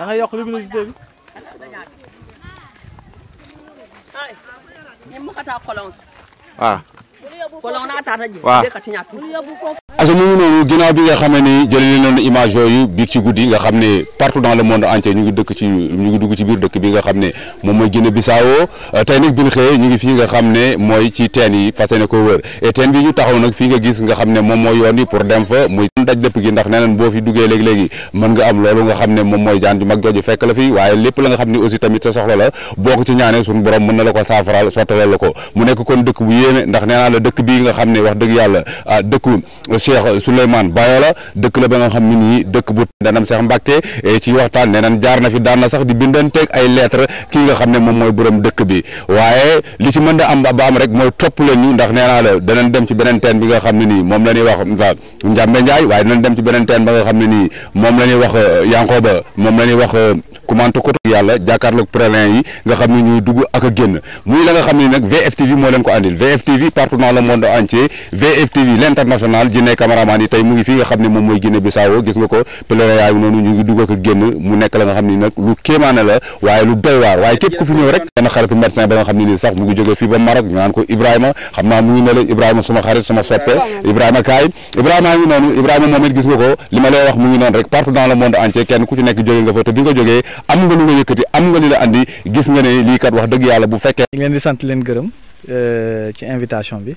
da nga yokk luminosité ah. bi. waaw. waaw. aso mu ngi noonu ginnaaw bi nga xam ne nii jël nañu image yooyu biig ci guddi nga xam ne partout dans le monde entier ñu ngi dëkk ci ñu ngi dugg ci biir dëkk bi nga xam ne moom mooy Guinée Bissau euh, tey nag bi ñu ngi fii nga xam ne taxaw nag fii nga gis nga xam ne moom mooy yoon yi pour dem fa muy daj dëpp gi ndax nee nañ boo fi duggee léegi-léegi mën nga am loolu nga xam ne moom mooy jaan ju mag jooju fekk la fi waaye lépp la nga xam ne aussi tamit sa soxla la boo ko ci ñaanee suñu borom mën na la ko saafaral sottalal la ko mu nekk kon dëkk bu yéeme yàlla ah, dëkku Cheikh Souleymane Bayo xam ne nii dëkk bu danam Cheikh Mbacke eh, ci waxtaan nee jaar na fi daan na sax di bindanteeg ay lettre kii nga xam ne moom mooy borom dëkk bi waaye li ci mën da am ba baam rek mooy topp leen ñu ndax nee naa la danañ dem ci beneen teen bi nga xam ne nii moom la ñuy wax Njambe Ndiaye waaye danañ dem ci beneen teen ba nga xam ne nii moom la ñuy wax eh, Yankoba moom la ñuy wax eh, yàlla jàkkaarloog pèlerin yi nga xam ne ñuy dugg ak a génn muy la nga xam ne nag VFTV moo leen ko andil VFTV partout dans le monde yi tey mu ngi fi nga xam ne moom mooy Guinée Bissau gis nga ko pèlerin yaa noonu ñu ngi dugg ak a génn mu nekk la nga xam ne nag lu kéemaane la waaye lu doy waar waaye képp ku fi ñëw rek benn xaritu médecin ba nga xam ne nii sax mu ngi jóge fii ba Maroc ñu naan ko Ibrahima xam naa mu ngi noonu Ibrahima moom yëkkati am nga li la andi gis nga ne lii kat wax dëgg yàlla bu fekkee. ñu ngi leen di sant leen gërëm euh, ci invitation bi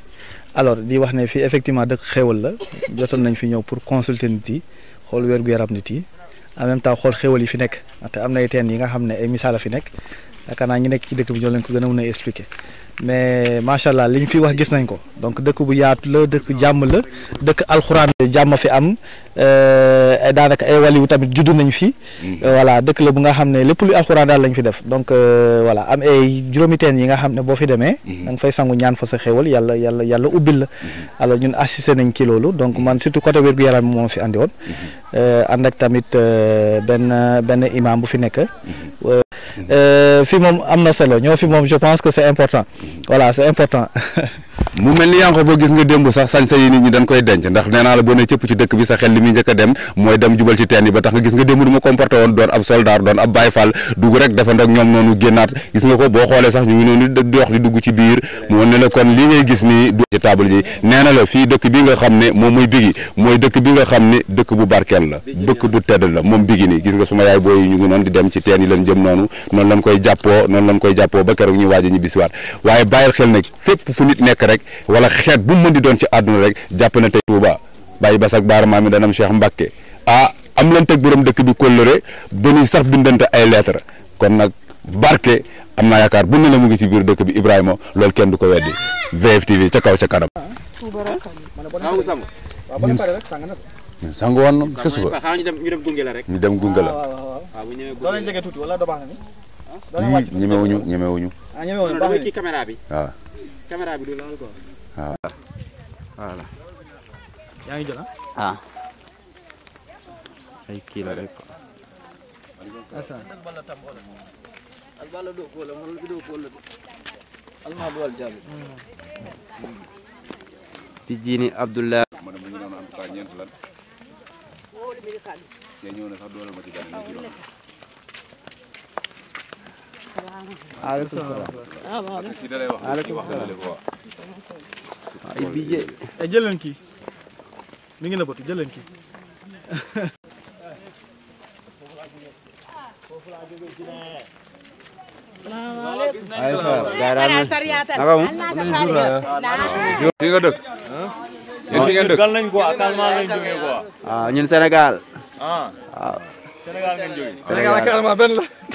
alors di wax ne fii effectivement dëkk xéwal la jotoon nañ fi ñëw pour consulter nit yi xool wér gu yaram nit yi en même temps xool xéwal yi fi nekk te am na ay teen yi nga xam ne ay misaal la fi nekk yaakaar naa ñu nekk ci dëkk bi ñoo leen ko gën a mën a expliquer mais macha allah liñ fi wax gis nañ ko donc dëkk bu yaatu la dëkk jàmm la dëkk alxuraan jàmm fi am euh, daanaka ay waliwu tamit judd nañ fi. Mm-hmm. Euh, voilà dëkk la bu nga xam ne lépp luy alxuraan daal lañ fi def donc euh, voilà am ay juróomi yi nga xam ne boo fi demee. Mm-hmm. da nga fay sangu ñaan fa sa xewal yàlla yàlla yàlla ubbil la. Mm-hmm. alors ñun assisté nañ ki loolu donc man surtout côté wérgu yaram moom fi andi woon. ànd ak tamit benn benn imam bu fi nekk. Euh, je pense que c'est important voilà c'est important mu mel ni yaa ngi gis nga démb sax sañ sa yi nit ñi dañ koy denc ndax nee naa la boo ne cëpp ci dëkk bi sa xel li muy njëkk a dem mooy dem jubal ci teen yi ba tax nga gis nga gis nga ko boo xoolee sax ñu ngi noonu di wax di biir moo ne la kon li ngay gis nii fii dëkk bi nga xam ne moom mooy bigi mooy dëkk bi nga xam ni dëkk bu barkeel la dëkk bu tedd la moom bigi nii gis nga suma yaay booy ñu ngi noonu di dem ci teen yi lañ jëm noonu noonu lañ koy jàppoo noonu lañ koy jàppoo ba keroog ñu waaj a ñu bisiwaat waaye bàyyil xel nag fépp fu rek wala xeet bu mu mën di doon ci àdduna rek jàpp na tey Touba bàyyi bas ak baaramaa mi danam Cheikh Mbacke ah am lan teg borom dëkk bi kóllëre ba ñuy sax bindante ay lettre kon nag barke am naa yaakaar bu ne la mu ngi ci biir dëkk bi Ibrahima loolu kenn du ko weddi VFtv ca kaw ca kanam. ñun ñun sangu ñu dem gunge la rek. ñu dem gunge la. Ah, ñii ñemewuñu ah, camera video लाल को हां yang hijau lah ah hai kila reko asa bala tambol al bala do ko la mul do ko la al mm. ma bol abdullah non am ka ñent lan ñew na sax do la ma ci dal ni ci waaleykum salaam. waaleykum salaam. ay bii jë. jël leen kii mi ngi nëbbatu jël leen kii. fi nga dëkk. yéen fi ngeen dëkk. gan lañ quoi calmant lañ jógee quoi. ah ñun Sénégal. ah waaw. Sénégal ngeen jógee. Sénégal ak calmant benn la.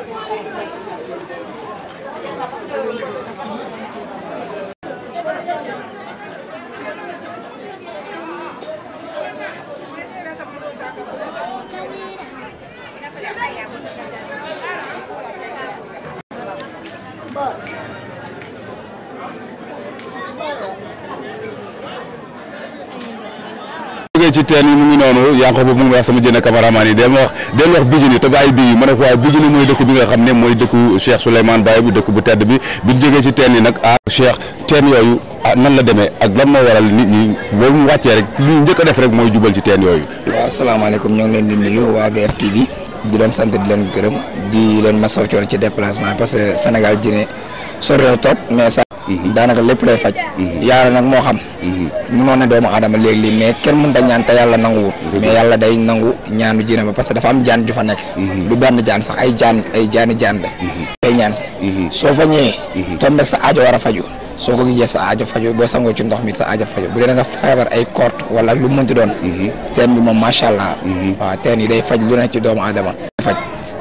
Thank you. génnee ci teen yi mu ngi noonu yanqo boobu mu ngi wax sama jëne cameraman yi del ma wax del ma wax Bijini te bàyyi Bijini ma ne ko waaye Bijini mooy dëkk bi nga xam ne mooy dëkk bu tedd bi bi ñu ci teen yi nag ah Cheikh teen yooyu ah nan la demee ak lan moo waral nit ñi loolu mu wàccee rek li njëkk def rek mooy jubal ci teen yooyu waaw asalaamaaleykum ñoo ngi leen di nuyu waa VFtv di leen sant di leen gërëm di leen masaw coon ci déplacement parce que Sénégal jine sori na Mhm. daanaka lépp lay faj mhm. yàlla nag moo xam mhm. munoon na doomu aadama léegi lii mais kenn mën da ñaan te yàlla nanguwut mais yàlla day nangu ñaanu jinne ba parce dafa am jaan ju fa nekk du benn jaan sax ay jaan ay jaani jaan de ay ñaan si soo fa ñëwee tom nag sa aajo war a faju soo ko gisee sa aajo faju boo sangoo ci ndox mi sa aajo faju bu dee da nga feebar ay korte wala lu mënti doon teen bi moom macha allah teen yi day faj lu ne ci doomu aadama faj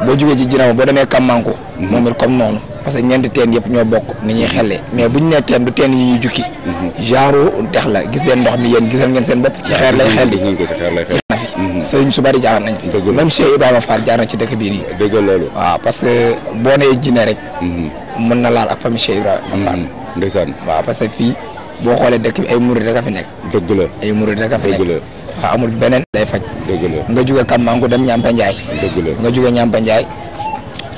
boo jógee ci jinne boo demee parce que ñeenti teen yëpp ñoo bokk ni ñuy xellee mais bu ñu nee teen du teen yi ñuy jukki genre dex gis leen ndox mi yéen gisal ngeen seen bopp ci xeer lay xel di na fi sëriñ su bari jaar nañ fi même Cheikh Ibrahima Fall jaar na ci dëkk bii nii dëgg loolu waaw parce boo nee jinne rek mhm. mën na laal ak famille Cheikh Ibrahima Fall mhm. ndeysaan waaw parce que fii boo xoolee dëkk bi ay rek a fi nekk dëgg la ay murid rek a fi nekk waaw amul beneen day faj dëgg la nga jóge Kammangu dem Ñampa Njaay dëgg la nga jóge Ñampa Njaay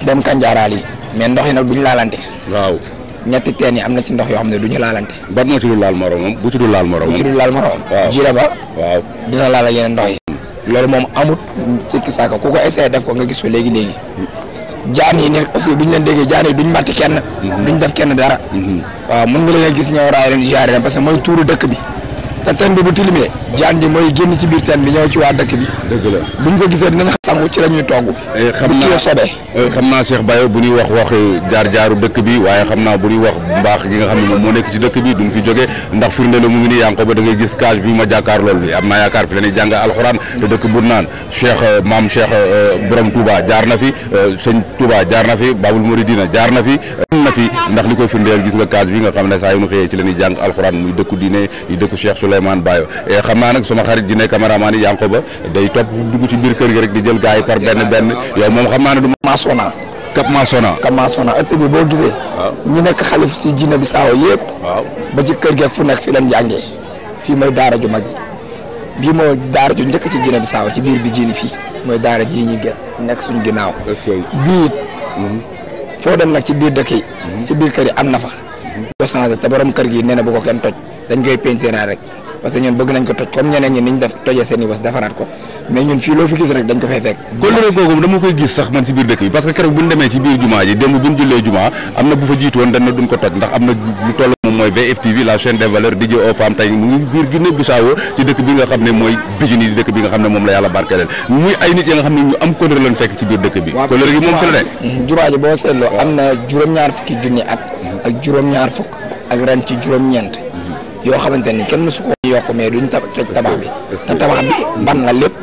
dem Kanjaaraal yi mais ndox yi nag bu ñu laalante. waaw ñetti teen yi am na ci ndox yoo xam ne du ñu laalante. ban moo ci dul laal moromam bu ci dul laal moromam. bu ci ba. waaw dina laal ak ndox yi. loolu moom amut sikki saaka ku ko essayé def ko nga gis ko léegi léegi. jaan yi nit aussi bu ñu leen déggee jaan yi duñ màtti kenn. Mhm. duñ def kenn dara. Mhm. waaw mën nga leen a gis ñëw raay leen jaaree parce que mooy tuuru dëkk bi. te teen bi bu tilimee jaan ji mooy génn ci biir teen bi ñëw ci waa dëkk bi dëgg la buñ ko gisee dinañ sangu ci la ñuy togg eh, xam naa sobee eh, xam naa Cheikh Bayo bu ñuy wax wax jaar-jaaru dëkk bi waaye xam naa bu ñuy wax mbaax gi nga xam ne moom moo nekk ci dëkk bi duñ fi jógee ndax firnde la mu ngi nii yaa ngi ba da gis cage bi ma jàkkaar lool bi am naa yaakaar fi la ñuy jàng alxuraan te dëkk bu naan Cheikh eh, maam Cheikh borom Touba jaar na fi sëñ Touba jaar na fi Babul Mouridina jaar na fi na fi ndax li ko firndeel gis nga case bi nga xam ne saa yu nu xëyee ci la ñuy jàng alxuraan muy dëkku diine di dëkku Cheikh Souleymane Bayo eh, xam naa nag sama xarit di ne caméraman yi ba day topp dugg ci biir kër gi rek di jël gars yi par benn benn yow moom xam naa ne du maasona Cap Mansona boo gisee ñi si jinne bi saawa yëpp ba ci kër geeg fu nekk fi leen jàngee fii mooy daara ju mag bi bii mooy ju njëkk ci jinne bi saawa ci biir bi jiini fii mooy daara ji ñi gen nekk suñu ginnaaw bii mhm. foo dem nag ci biir dëkk yi ci biir kër yi am na fa. ko mm-hmm. changé te borom kër gi nee na bu ko kenn toj dañ koy peinture rek. parce que ñun bëgg nañ ko toj comme ñeneen ñi niñ def tojee seen i bos ne mooy Bijini di dëkk bi nga xam ne moom la yàlla barkeeleel muy ay nit yi nga xam ne ci biir dëkk am na juróom-ñaar fukki junni at ak juróom-ñaar fukk ak ren ci juróom-ñeent yoo xamante ni kenn mësu ko yokk mais duñ toj tabax bi ta tabax bi ban la lépp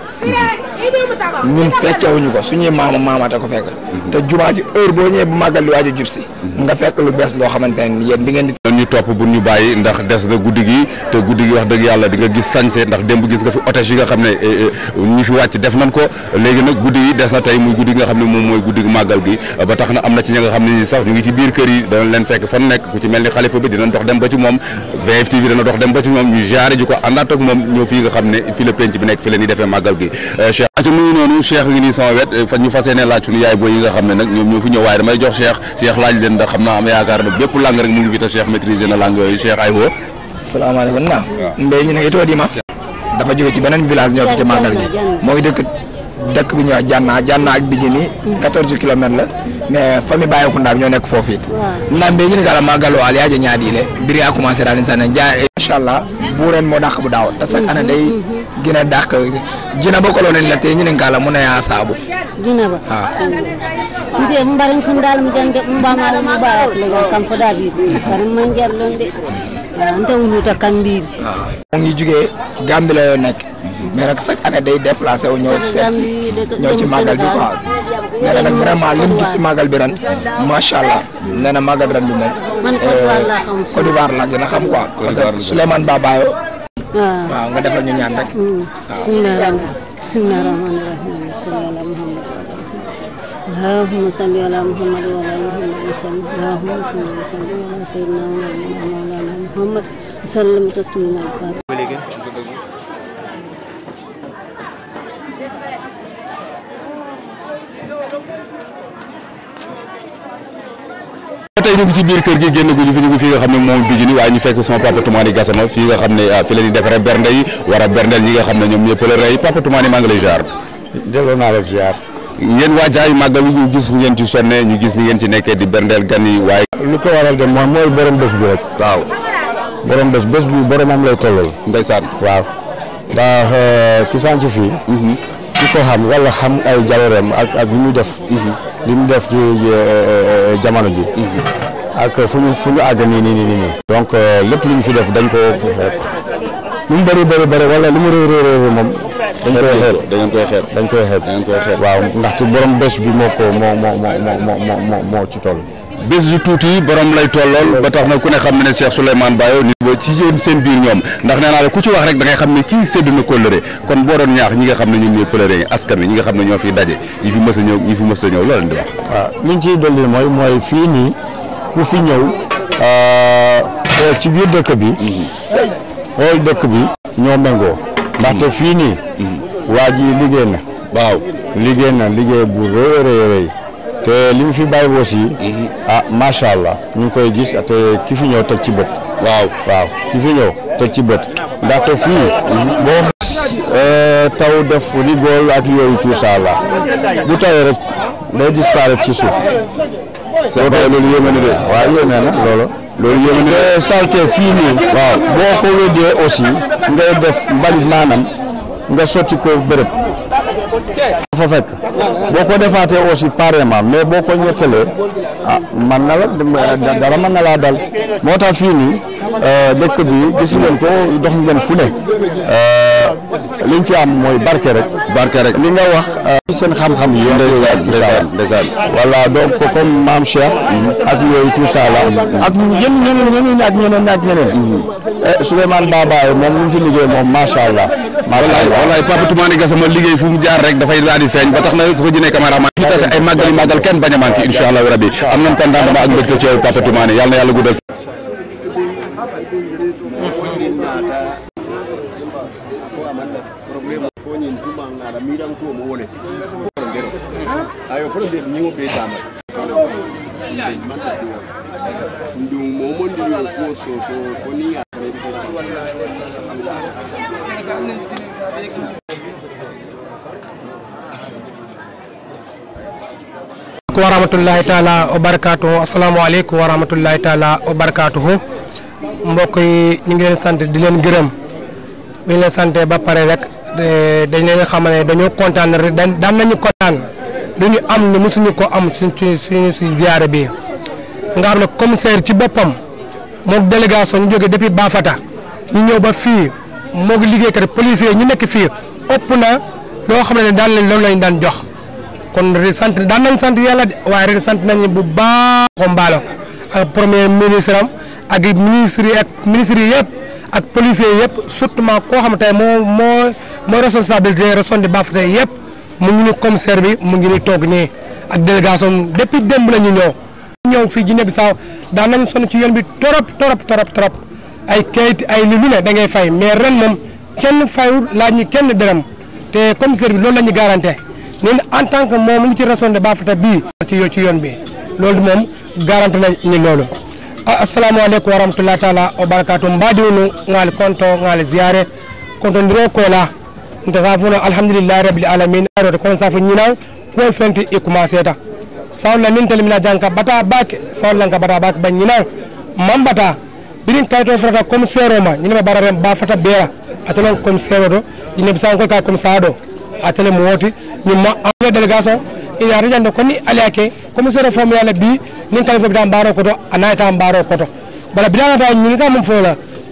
ñun fekkewuñu ko suñuy maama maamaate ko fekk mhm. te jumaa ji heure boo ñëwee bu màggal di waaj a jub si mhm. nga fekk lu bees loo xamante ne yéen bi ngeen di ñu topp bu ñu bàyyi ndax des na guddi gi te guddi gi wax dëgg yàlla di nga gis sañse ndax démb gis nga fi otage yi nga xam ne eh, eh, ñi fi wàcc def nañ ko léegi nag guddi gi des na tey muy guddi gi nga xam ne moom mooy guddi gi màggal gi ba tax na am na ci ñi nga xam ne ñi sax ñu ngi ci biir kër yi dana leen fekk fan nekk ku ci mel ni xalifa bi dinañ dox bi nekk fi leen di defee màggal noonu Cheikh ngi nii sama wet fa ñu fas yéene laaj suñu yaay booy nga xam ne nag ñoom ñoo fi ñëw waaye damay jox Cheikh Cheikh laaj leen ndax xam naa am yaakaar ne bépp langue rek mu ngi fi te Cheikh na langue yooyu Cheikh ay woo salaamaaleykum naa mbéy ñu ne itoo di ma dafa jóge ci beneen village ñëw fi mm. a daal insaan jaa inshallah allah bu ren mo dakh bu daw tassak ana day gina dakh gina jina ba kolonin la te ñinin kala muna ya sabu gina ba ha nde mbarin e ko dal mi dande mba ma mu barat la kam fa da bi par ma jar lo ndé nde wu ta kam bi mo ngi jugé gambi la yo nek mais rek chaque ana day déplacer wu ñoo sét ñoo ci magal bi quoi nana nak vraiment lim gis magal bi ran macha nana magal ran bi mom Côte d'Ivoire la gëna xam quoi parce Babayo waaw nga defal ñu ñaan rek bismillahirrahmanirrahim sallallahu alaihi اللهم ñu ngi ci biir kër gi génn gu ñu fi ñu ngi fi nga xam ne bi ni waaye ñu fekk sama papa Toumani Gassama fii nga xam ne ah, fi la ñuy defaree bernde yi war a ñi nga xam ne ñoom la rey papa Toumani maa ngi lay jaar delloo naa la ziar yéen waa jaay màggal ñu gis ngeen ci sonne ñu gis ni ngeen ci nekkee di berndeel gan yi waaye lu ko waral de mooy mooy borom bés bi rek waaw borom bés bés bi boromam lay tollal ndeysaan waaw ndax euh, ki sànc fii mm-hmm. ki ko xam wala xam ay jaloreem ak ak li def mm-hmm. li mu def ci euh, euh, jamono ji mm-hmm. ak fu ñu fu ñu àgg nii nii nii nii. donc euh, lépp lu fi def dañ ko lu mu bëri bëri bëri wala lu mu réer réer moom. dañ koy xeeb dañ koy xeeb dañ koy xeeb dañ koy xeeb. waaw ndaxte borom bés bi moo ko moo moo moo moo moo moo ci toll. bés du tuuti borom lay tollool ba tax na ku ne xam ne Cheikh Souleymane Bayo ni ba ci yéen seen biir ñoom ndax nee naa la ku ci wax rek da ngay xam ne kii sédd na kóllëre kon boo doon ñaax ñi nga xam ne ñun ñooy pëlëre askan wi ñi nga xam ne ñoo fi daje fi mës a ñëw ñi ku fi ñëw euh, euh, ci biir dëkk bi xool dëkk bi ñoo méngoo ndaxte mm. fii nii mm. waa ji liggéey na liggéey bu rëy rëy rëy te li fi bàyyi aussi mm-hmm. ah macha allah ñu ngi koy gis te ki fi ñëw teg ci bët waaw waaw ki fi ñëw teg ci bët ndaxte fii mm-hmm. boo euh, taw def rigol ak yooyu tout ça bu tawee rek day disparaître ci suuf sama kay loolu yéeme na de waaw loolu loolu yéeme de salte fii nii waaw boo ko wéddee aussi ngay def mbalit maanaam nga sotti ko bërëb fa fekk boo ko defaatee aussi pareillement mais boo ko ñettalee ah man na la dara mën dal moo tax fii euh, dëkk bi gis ko dox ngeen fu liñ ci am mooy barke rek. barke rek li nga wax. Euh, seen xam-xam yi. ndeysaan ndeysaan ndeysaan voilà donc comme maam Cheikh. Mhm. ak yooyu tout ça là. Mhm. ak ñun ñeneen ñeneen ak ñeneen ak ñeneen. et moom lu mu fi liggéey moom macha allah. macha allah wallaay Papa Toumane Gassama liggéey fu mu jaar rek dafay laa di feeñ ba tax na su ko jënee caméraman. ñu tase ay màggali màggal kenn bañ a manqué incha allah rabbi am nañu kontaan dama ak mbégte ci Papa Toumane yàlla yàlla guddal. to mo woni fono ngero ayo fono nde ñiwo ɓe damal ndum momondi yo ko soso foni wa rahmatullahi taala wa barakatuhu assalamu aleykum wa rahmatullahi taala wa barakatuhu mbokk yi ñu ngi leen sant di leen gërëm bi ñu leen sante ba pare rek Eh, dañ leen xamal ne dañoo kontaan rek daan nañu kontaan lu ñu am ñu mësuñu ko am suñ suñu si ziyaare bi nga xam ne commissaire ci boppam moom délégation ñu jógee depuis Bafata ñu ñëw ba fii moo liggéeykat policier ñu nekk fii ëpp na loo xam ne daan lañ loolu lañ daan jox kon sant daan nañ sant yàlla waaye ren sant nañ bu baax mbaalo ak premier ministre am ak ministre yi ak ministres yi yëpp ak policiers yëpp surtout koo xam tey moo moo mooy responsabilité Ressondi Bafouta yëpp mu ngi ni commissaire bi mu ngi ni toog nii ak délégation depuis démb la ñu ñëw. ñëw fii Guinée Bissau daan nañ sonn ci yoon bi trop trop trop trop ay kayit ay li lu ne da ngay fay mais ren moom kenn fayul laaj ñu kenn dërëm te commissaire bi loolu la garante garanté ñun en tant que moom mu ngi ci Ressondi Bafouta bii. ci ci yoon bi loolu moom garanté nañ ni loolu. assalamu ah, aleykum warahmatullahi taala wabarakatu mbaadiwnu ŋaali konto ŋaali ziyare kontondiro kola nta safuno alhamdulillahi rabbil alamin aroto kono safo ñinan kuwol fenti i commencéta sawla nin telemina jan ka bata bake sawlan ka bata bake ba ñinan man bata birin kayto frata comme sero ma ñinema bararen ba fata beera atelon comme sero to ñine bisankol ka comme saa ɗo atele mo woti ñimma amle délégation ina rijande konni aliyake comme sero fomuyala bi nin kala fo bitan mbaro koto anayita mbaro koto bala bidanata ñinita mum fola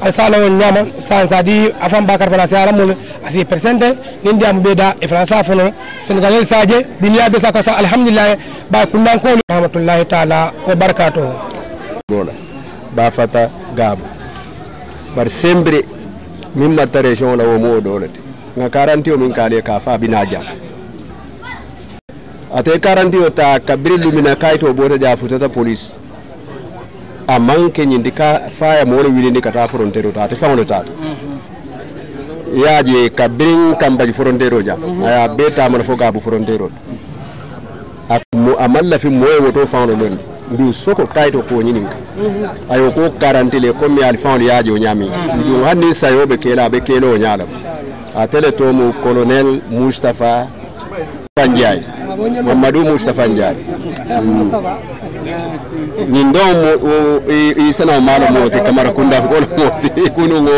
alsana on ñama san sadi afam bakar fana sara mul asi presente nin diam beda e fransa fono senegalel saje dunia be saka sa alhamdulillah ba kunnan ko rahmatullahi taala wa barakatuh bona ba fata gaba bar sembre min matta region la wo mo dolati nga garanti o min kale ka fa binaja ate garanti o ta kabri lumina kaito bota ja futata police a manke ñindi ka faya moole wilindi kata frontiére taate fa taata ye je ka biriŋ kambaji frontiére jam mhm. a ye bee taamana fo gaabu frontiére a maŋ fi mooye woto faŋole loŋ ndu soko kaito ko nyini mhm. ka a ye ko garanti le comme ali fa ye a je o ñaamiŋ mhm. nduŋ hanniŋ sayo be keela a be keeloo ñaa tomu colonel mustapha bandiaye Muhammadu Mustafa Njai nindo isana malo moti kamara kunda golo moti kunu ngo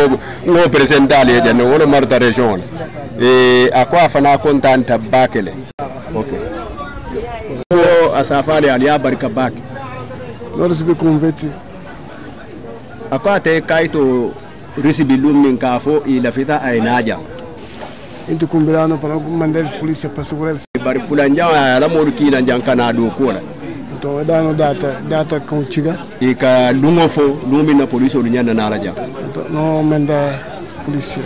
ngo presentali ya jana wolo marta region e akwa fana kontanta bakele okay o asafali ali barka bak norsi bi kumveti akwa te kaito risi bilum min kafo ila fita ainaja inti kumbilano para mandar polícia para segurar bari fulanjaŋo ye a la moolu kiina jaŋ ka naa doo la to dano data data kaŋo ciga i ka luŋo fo luŋo na polisiolu ñaŋ nanaa la jaŋ no menda polisi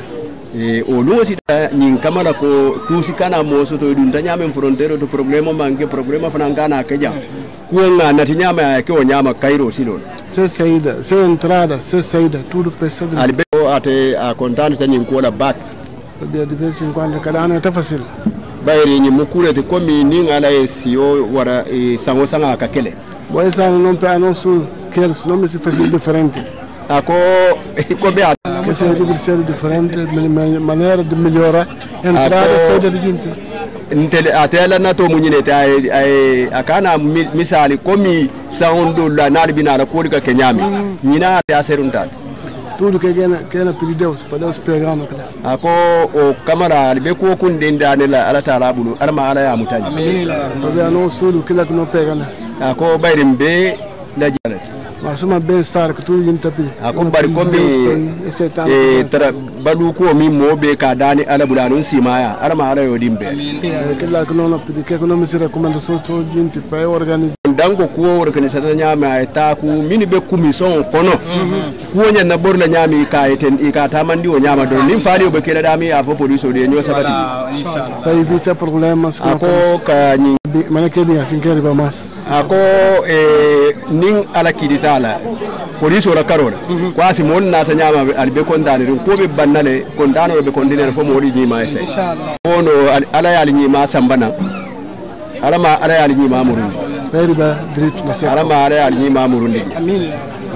e o luŋo sita ñiŋ kama ko tuusi kana moo soto i dunta ñaameŋ frontiére to problema maŋ problema probléme fanaŋ ke jaŋ kuwoŋ a nati ñaama ke wo ñaama kairo si la se sayida se entrada c'est sayida tout pesede ali be ate a contante tanya ñiŋ la de vez en quand kada bayerinyi mukurete komini ng'ala siyo wara e, sango sanga kakele boye sana non pe annonce kels non mi si facile differente ako ko be che sei di essere differente maniera di migliora entrare e sei da gente nte atela na to munyine ta ai akana misali komi sango do la nalbi na ko ka kenyami nyina mm. ta seruntat tudu kegena kena pilideus padeus pegrano kada ako o kamara be ko kun den dane la ala taala bulu ala ma e, ala ya mutani amin be no sulu kila kuno pegana ako bayrim be la jana masuma ben star ko tudu yim tapi ako bari ko be e tara balu ko mi mo be ka dane ala bulanun simaya ala ma ala yo dimbe amin kila kuno no kuno misira kuma so to jinti pay organize danko kuwo organisation ñaama e taku mini ɓe commission kono kuwo ñanna ɓorla ñaami ka eten ka tamandi o ñaama dow nin faani oɓe keɗaɗami a fo police o de ño sabati evita problema sko ako ka ni mana bi asin kere ba mas ako e nin ala kiɗitala police la karola mhm. ko asi moon naata ñaama ali kon condane rin ko ɓe bannale kon continene fo mo ni e ma e inshallah ono ala yaali ma sambana alama ala yaali ñiima murundi bayriba dritu na seko arama are ali ma murundi a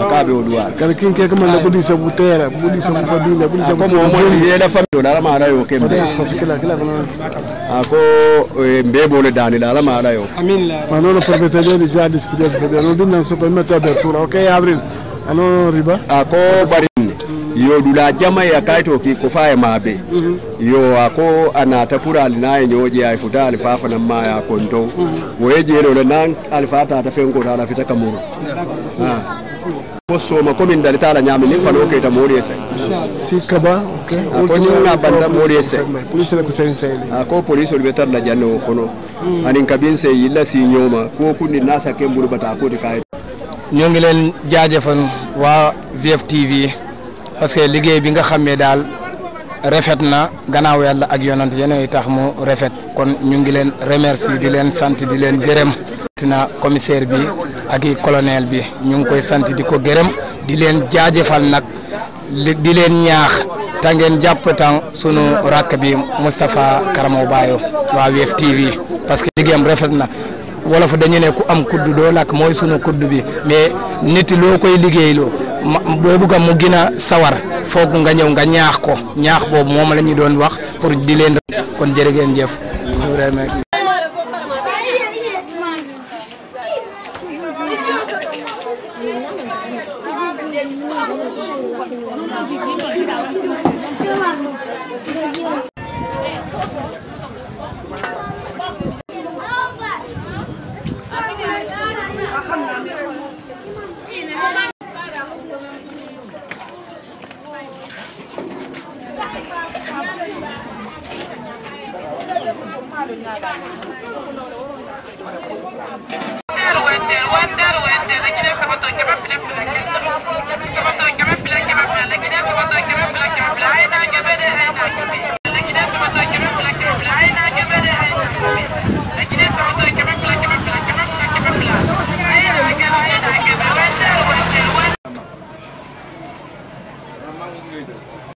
makabe odwar kala kinke kama na kudi a tera a sabu familia kudi sabu kama mo ni da familo da arama ara yo kembe kila kila kama ako eh, mbebo le dani da arama ara yo amina manolo proprietario de jardis pidef de no binna so pa meta abertura ok abril ano riba ako bari iyo dula jama ya kaito ki kufaye mabe mm -hmm. iyo ako anatapura alinaye nyoje ifuta alifafa na maya ya konto mm -hmm. weje ile nan alifata atafengo tala fita kamuru poso ma komin dali tala nyami ni fano ke ta moriese si kaba okay ako ni una banda moriese police la kusense ile ako police ol la janno kono anin kabinse yilla si nyoma ko kunni nasa kembulu bata ko de kai nyongi len fan wa VFTV parce que liggéey bi nga xam daal rafet na gannaaw yàlla ak yonant yeneen tax mu rafet kon ñu ngi leen remercier di leen sant di leen gërëm tina commissaire bi ak i colonel bi ñu ngi koy sant di ko gërëm di leen jaajëfal nag di leen ñaax ta ngeen jàpp tan sunu rakk bi Moustapha Karamo Bayo waa WF TV parce que liggéeyam rafet na wolof dañu ne ku am kudd doo lakk mooy sunu kudd bi mais nit loo koy liggéeyloo boo bëgg mu gën a sawar foog nga ñëw nga ñaax ko ñaax boobu moom la ñu doon wax pour di leen kon jërë ngeen jëf je